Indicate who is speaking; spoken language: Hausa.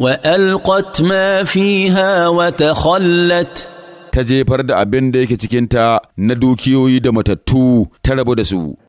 Speaker 1: wa ما فيها وتخلت ta jefar da abin da yake cikinta na dukiyoyi da matattu ta rabu da su.